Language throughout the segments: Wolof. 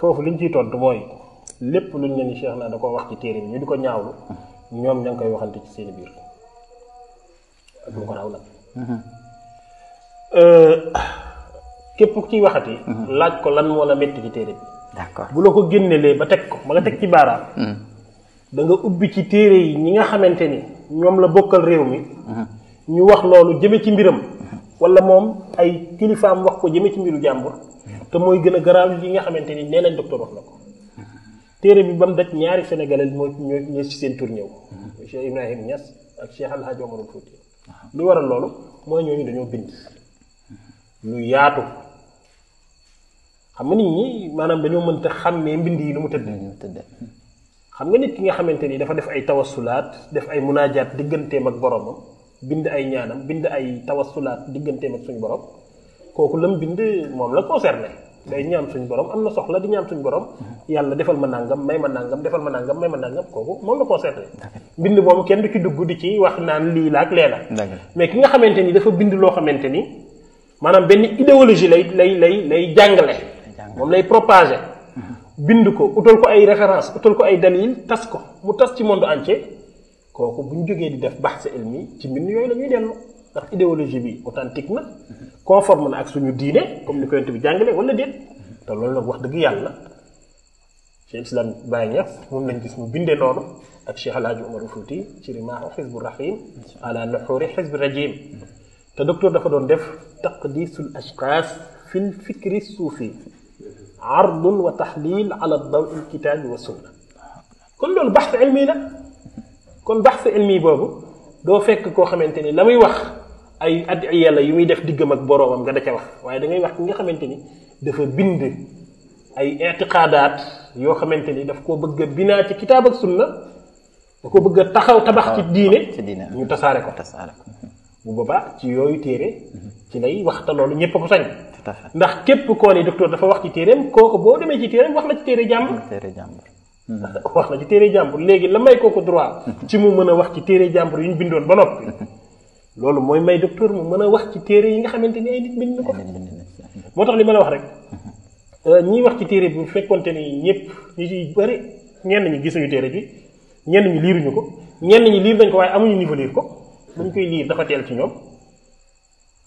Fofu liñ ci tontu moy lepp luñ leen cheikh na da ko wax ci téré ñu diko ñaawlu ñom ñang koy waxante ci seen biir ak lu ko raw mhm. euh képp ku ci waxati mhm. laaj ko lan mo la metti ci téré bi d'accord bu la ko génnelee ba tek ko nga ci hmm da nga ubbi ci téré yi ñi nga xamanteni ñom la bokkal réew mi mhm. ñu wax lolu jëme ci mbiram wala mom ay kilifaam wax ko jëme ci mbiru te mooy gën a garaaw yi nga xamante ni nee nañ docteur wax na ko téere bi ba mu daj ñaari sénégalais moo ñoo ñoo ci seen tur ñëw mm-hmm. Cheikh Ibrahim Niass ak Cheikh El Hadj Omar Fouti lu waral loolu mooy ñooñu dañoo bind mm-hmm. lu yaatu xam nga nit ñi maanaam dañoo mënta xàmmee mbind yi lu mu tëdd xam nga nit ki nga xamante ni dafa def ay tawasulaat def ay munaajaat digganteem ak boromam bind ay ñaanam bind ay tawasulaat digganteem ak suñu borom kooku la lam bind moom la concerné day ñaan suñ borom am na soxla di ñaan suñu borom yàlla defal ma nangam may ma nangam defal ma nangam may ma nangam kooku moom la concerné bind moom kenn du ci dugg di ci wax naan lii la ak lee la mais ki nga xamante ni dafa bind loo xamante ni maanaam benn idéologie lay lay lay lay jàngale moom lay propager bind ko utal ko ay référence utal ko ay dalil tas ko mu tas ci monde entier kooku bu ñu jógee di def baax sa ndax idéologie bi authentique na conforme na ak suñu diine comme ni ko yonte bi jàngale wala déet te loolu nag wax dëgg yàlla cheikh islam baye ñax moom lañ gis mu binde noonu ak cheikh alhaji omar fouti ci rimaahu xisbu rahim ala nuxuri xisbu rajim te docteur dafa doon def taqdisul ashqas fil fikri suufi عرض وتحليل على الضوء الكتاب والسنة كل البحث علمي لا كون بحث علمي بابو دو فيك كو خامتيني لامي واخ ay adiya la yu muy def diggam ak boroomam nga da ca da ngay wax ki nga xamante ni dafa bind ay itiqadaat yoo xamante ni daf koo bëgg bina binaa ci kitaab ak sunna da ko bëgg a taxaw tabax ci diine ñu tasaare ko bu baba ci yooyu téere ci lay waxta loolu ñépp ko sañ ndax képp ko ni docteur dafa wax ci téeréem kooku boo demee ci téeréem wax na ci téere jàmbur wax na ci téere jàmbur léegi la may kooku droit ci mu mën wax ci téere jàmbur yu bindoon ba noppi loolu mooy may docteur mu mën a wax ci téere yi nga xamante ni ay nit bind na ko moo tax li ma a wax rek euh, ñiy wax ci téere bi bu fekkonte nii ñëpp ñi ci bëri ñenn ñi gisuñu téere bi ñenn ñi liiruñu ko ñenn ñi liir nañ ko waaye amuñu niveau liir ko buñ koy liir dafa teel ci ñoom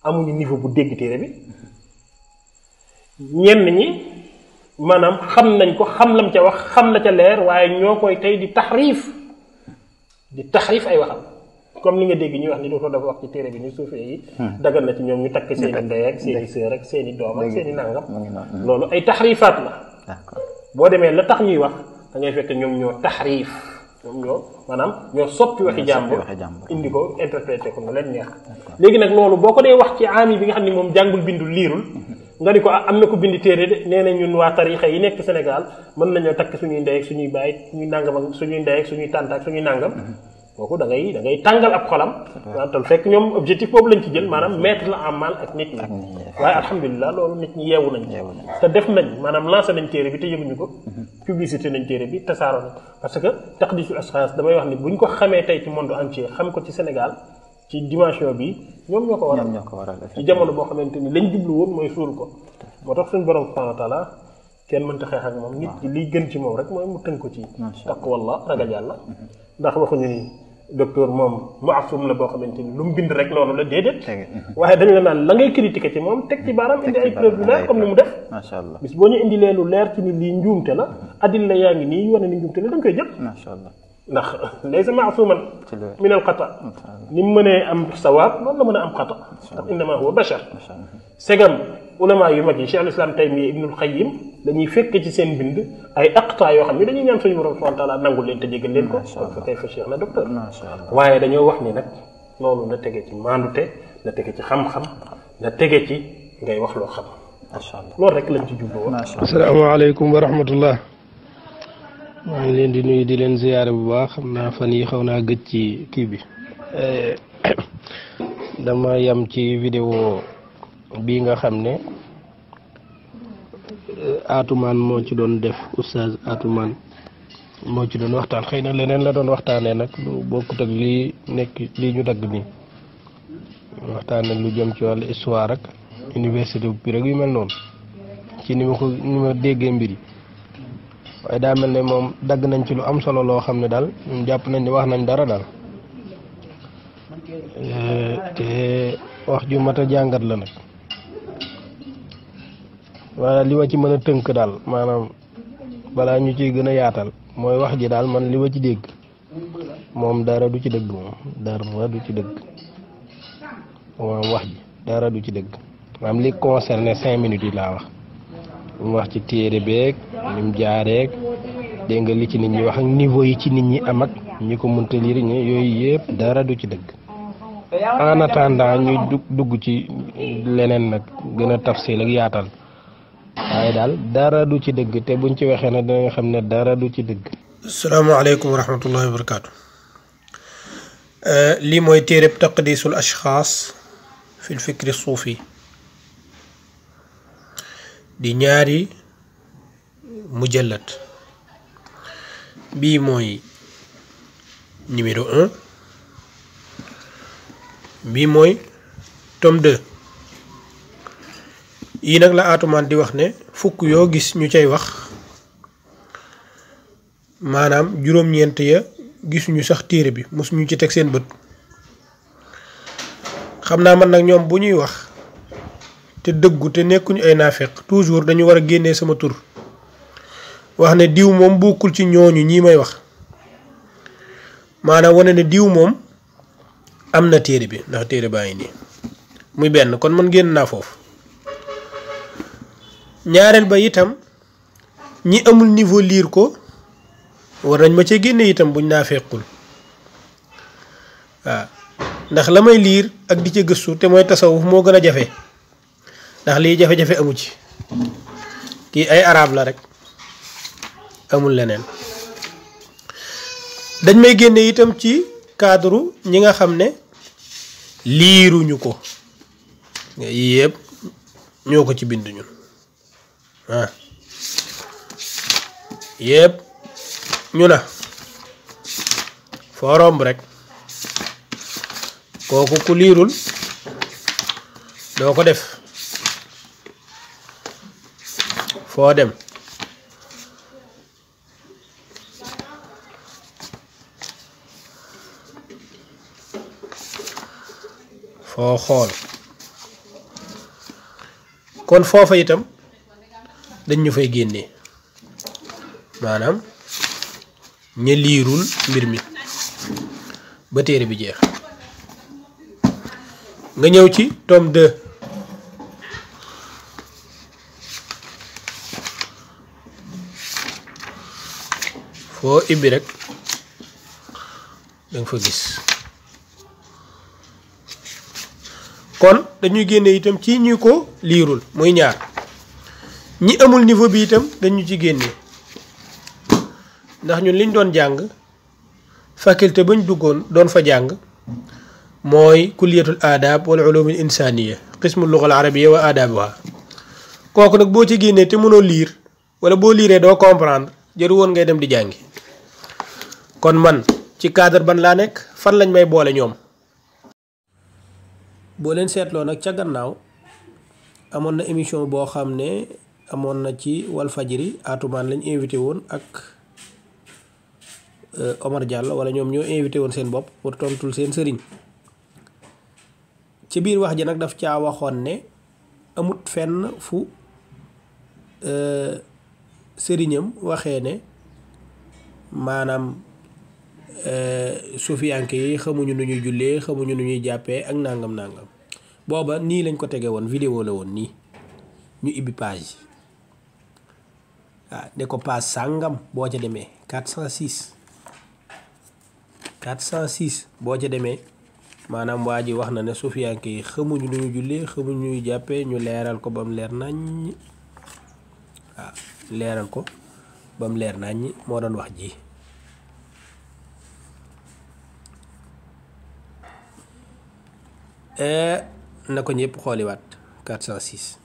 amuñu niveau bu dégg téere bi ñenn ñi maanaam xam nañ ko xam lam ca wax xam la ca leer waaye ñoo koy tey di taxriif di taxriif ay waxam comme ni nga dégg ñuy wax ni dootoo dafa wax ci téere bi ni suufee yi hmm. dagal na ci ñoom ñu takk seen i ndey ak seen i sœur ak seen i doom ak seen i hmm. loolu ay taxrifaat la boo demee la tax ñuy wax da ngay fekk ñoom ñoo taxrif ñoom ñoo maanaam ñoo soppi waxi jàmbur indi ko interprété ko nga leen neex léegi nag loolu boo ko dee ci aami bi nga xam ne moom jàngul bindul liirul hmm. nga ni ko ah, am na ko bindi téere de nee na ñun waa tarixa yi nekk Sénégal mën nañoo takk suñuy ndey ak suñuy baay suñuy nàngam ak suñuy ndey ak suñuy tànt ak suñuy nàngam koku da ngay da ngay tangal ab xolam tal fek ñom objectif bobu lañ ci jël manam mettre la en mal ak nit ñi waaye alhamdullilah lolu nit ñi yewu nañ te def nañ manam lancer nañ téré bi te yëguñu ko mhm. publicité nañ téré bi te saaro parce que taqdisul ashas damay wax ni buñ ko xamé tay ci monde entier xam ko ci Sénégal ci dimension bi ñom ñoko waral ñoo ko waral ci jamono bo xamanteni lañ jublu woon moy suul ko motax suñu borom subhanahu wa taala kenn mën ta xex ak mom nit ki liy gën ci mom rek moy mu tënk ko ci taqwallah ragal yalla mhm. ndax waxu ñu ni docteur moom mu asum la boo xamante ni lu mu bind rek loolu la déedéet. waaye dañ la naan la ngay critiquer ci moom teg ci baaraam ay preuve leer comme ni mu def. macha allah bis boo ñu indi leer ci ni lii njuumte la addil la yaa ngi nii wane ni njuumte la da koy jël. macha allah ndax laysa maasuman min al xata ni mu mënee am sawaab lool la mën a am xata. ndax innamaa huwa bachar segam ulama yu magi yi cheikh alislam ibn al khayyim dañuy fekk ci seen bind ay aqta yo xamni dañuy ñaan suñu borom subhanahu wa taala nangul leen te jéggal leen ko fa kay fa cheikh na docteur waaye dañoo wax ni nag loolu na tege ci mandute na tege ci xam-xam na tege ci ngay wax loo xam loolu rek lañ ci assalamu alaykum wa rahmatullah maa ngi leen di nuyu di leen ziyaare bu baax xam naa fan yi xaw naa gëj ci kii bi dama yam ci vidéo bii nga xam ne euh, Atoumane moo ci doon def oustaz Atoumane moo ci doon waxtaan xëy na leneen la doon waxtaanee nag lu bokkut ak lii nekk lii ñu dagg nii waxtaane lu jëm ci wàllu histoire ak université bu Pire ak yu mel noonu ci ni ma ko ni ma déggee mbir yi waaye daa mel ne moom dagg nañ ci lu am solo loo xam ne daal ñun jàpp nañ ni wax nañ dara daal euh, te wax ju mat a jàngat la nag. wala li wa ci meuna teunk dal manam bala ñu ci gëna yaatal moy wax ji dal man li wa ci deg mom dara du ci deg moom dara du ci deg wa wax ji dara du ci deg am li concerné 5 minutes yi la wax wax ci téré beeg lim mu jaareeg nga li ci nit ñi wax ak niveau yi ci nit ñi am ak ñiko mënta lire ñi yoy yépp dara du ci deg en attendant ñu dugg ci leneen nak gëna tafsil ak yaatal waaye daal dara du ci dëgg te buñ ci waxee nag dinañ xam ne dara du ci dëgg. salaamaaleykum wa rahmatullahi wa barakaatu. Eh, lii mooy téereb taqdisul ashxaas fil fikri suufi di ñaari mujallat bii mooy bii mooy tome deux. yii nag la Atoumane di wax ne fukk yoo gis ñu cay wax maanaam juróom-ñeent ya gisuñu sax téere bi mosuñu ci teg seen bët xam naa man nag ñoom bu ñuy wax te dëggu te nekkuñu ay naafeq toujours dañu war a génnee sama tur wax ne diw moom bokkul ci ñooñu ñii may wax maanaam wane ne diw moom am na téere bi ndax téere baa ngi nii muy benn kon man génn naa foofu ñaareel ba itam ñi amul niveau liir ko war nañ ma cee génne itam buñ naa fekkul waaw ndax la may liir ak di ca gëstu te mooy tasawuf moo gën a jafe ndax lii jafe-jafe amu ci kii ay arab la rek amul leneen dañ may génne itam ci cadre ñi nga xam ne liiruñu ko yii yëpp ñoo ko ci bind ah yëpp ñu na Forum romb rek kooku ku liirul doo ko def foo dem foo xool kon foofa itam dañ fay génne maanaam ña liirul mbir mi ba téere bi jeex nga ñëw ci tome 2 foo ibbi rek danga fa gis kon dañuy génne itam ci ñi ko liirul muy ñaar ñi amul niveau bi itam dañu ci génné ndax ñun liñ doon jàng faculté bañ duggoon doon fa jàng mooy kulliyatul adab wal ulumul insaniya qismu lugha al arabiyya wa adabuha kooku nag boo ci génnee te mënoo lire wala boo liré doo comprendre jëru woon ngay dem di jàngi kon man ci cadre ban laa nekk fan lañ may boole ñoom boo leen seetloo nag ca gannaaw amoon na émission boo xam ne amoon na ci Walfajiri Atoumane lañ invité woon ak euh, Omar Diallo wala ñoom ñoo invité woon seen bopp pour tontul seen sëriñ ci biir wax ji nag daf caa waxoon ne amut fenn fu euh, sëriñam waxee ne maanaam euh, sufiyanke yi xamuñu nu ñuy jullee xamuñu nu ñuy jàppee ak nangam nangam booba nii lañ ko tege woon vidéo la woon nii ñu ibbi page ah ne ko paas sàngam boo ca demee cent 406 406 boo ca demee maanaam waa ji wax na ne sufiyanke yi xamuñ lu ñu jullee xamuñu ñuy jàppee ñu leeral ko ba mu leer naññ waaw ah, leeral ko ba mu leer naññ moo doon wax ji eh, na ko ñëpp xooliwaat 406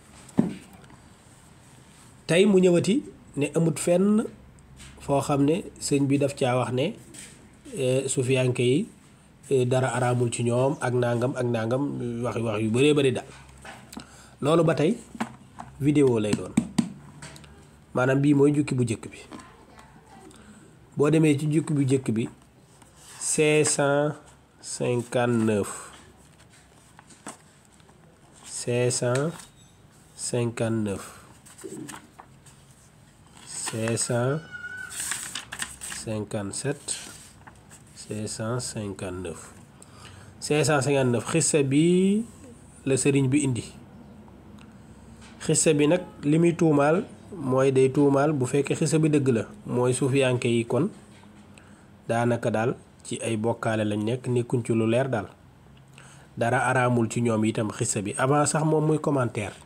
tey mu ñëwati ne amut fenn foo xam ne sëñ bi daf caa wax ne eh, sufiyanke yi eh, dara araamul ci ñoom ak nangam ak nangam wax wax yu bëree bëri daal loolu ba tey vidéo lay doon maanaam bii mooy jukki bu njëkk bi boo demee ci jukki bu njëkk bi cinq cent cinquante neuf cinq cinquante sept cinq cent cinquante neuf cinq cent cinquante bi la sëriñ bi indi xissa bi nag li muy tuumaal mooy day tuumaal bu fekkee xissa bi dëgg la mooy suufiyanke yi kon daanaka daal ci ay bokkaale lañ nekk nekkuñ ci lu leer daal dara araamul ci ñoom itam xissa bi avant sax moom muy commentaire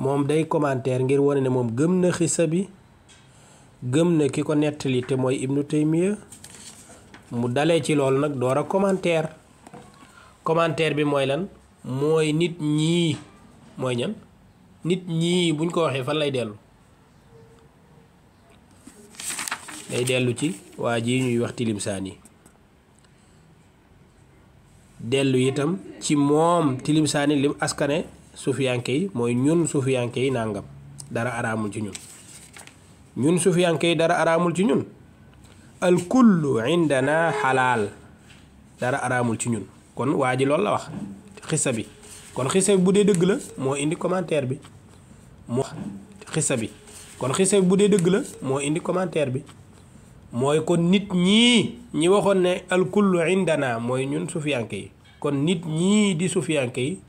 moom day commentaire ngir wane ne moom gëm na xisa bi gëm na ki ko nettali te mooy ibnu taymiya mu dalee ci loolu nag door a commentaire bi mooy lan mooy nit ñii mooy ñan nit ñii buñ ko waxee fan lay dellu day dellu ci waa ji ñuy wax tilimsaan yi dellu itam ci moom tilim saani lim askane suufiyanke yi mooy ñun suufiyanke yi nàngam dara araamul ci ñun ñun suufiyanke yi dara araamul ci ñun al xalaal dara araamul ci ñun kon waa ji loolu la wax xisa bi kon xisa bu dee dëgg la moo indi commentaire bi moo xisa bi kon xisa bu dee dëgg la moo indi commentaire bi mooy kon nit ñii ñi waxoon ne al kullu indana mooy ñun suufiyanke yi kon nit ñii di suufiyanke yi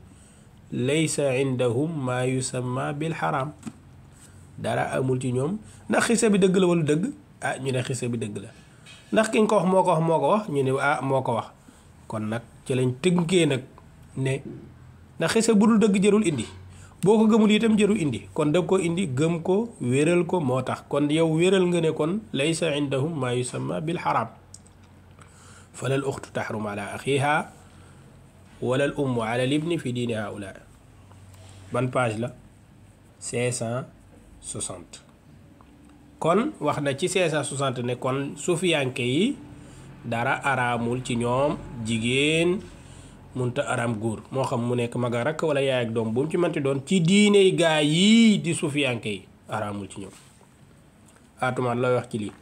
laysa indahum maa yusamma bil xaraam dara amul ci ñoom ndax xisa bi dëgg la wala dëgg ah ñu ne xisa bi dëgg la ndax ki nga ko wax moo ko wax moo ko wax ñu ne ah moo ko wax kon nag ci lañ tënkee nag ne ndax xisa bu dul dëgg jërul indi boo ko gëmul itam jërul indi kon da ko indi gëm ko wéral ko moo tax kon yow wéral nga ne kon laysa indahum maa yusamma bil xaraam falal uxtu taxrum ala wala al ummu ala al ibni fi din haula ban page la 560 kon waxna ci 560 ne kon sufiyanke yi dara aramul ci ñom jigen munta aram gur mo xam mu nek maga rak wala yaay ak dom bu ci manti don ci diine gaay yi di sufiyanke yi aramul ci ñom atuma la wax ci li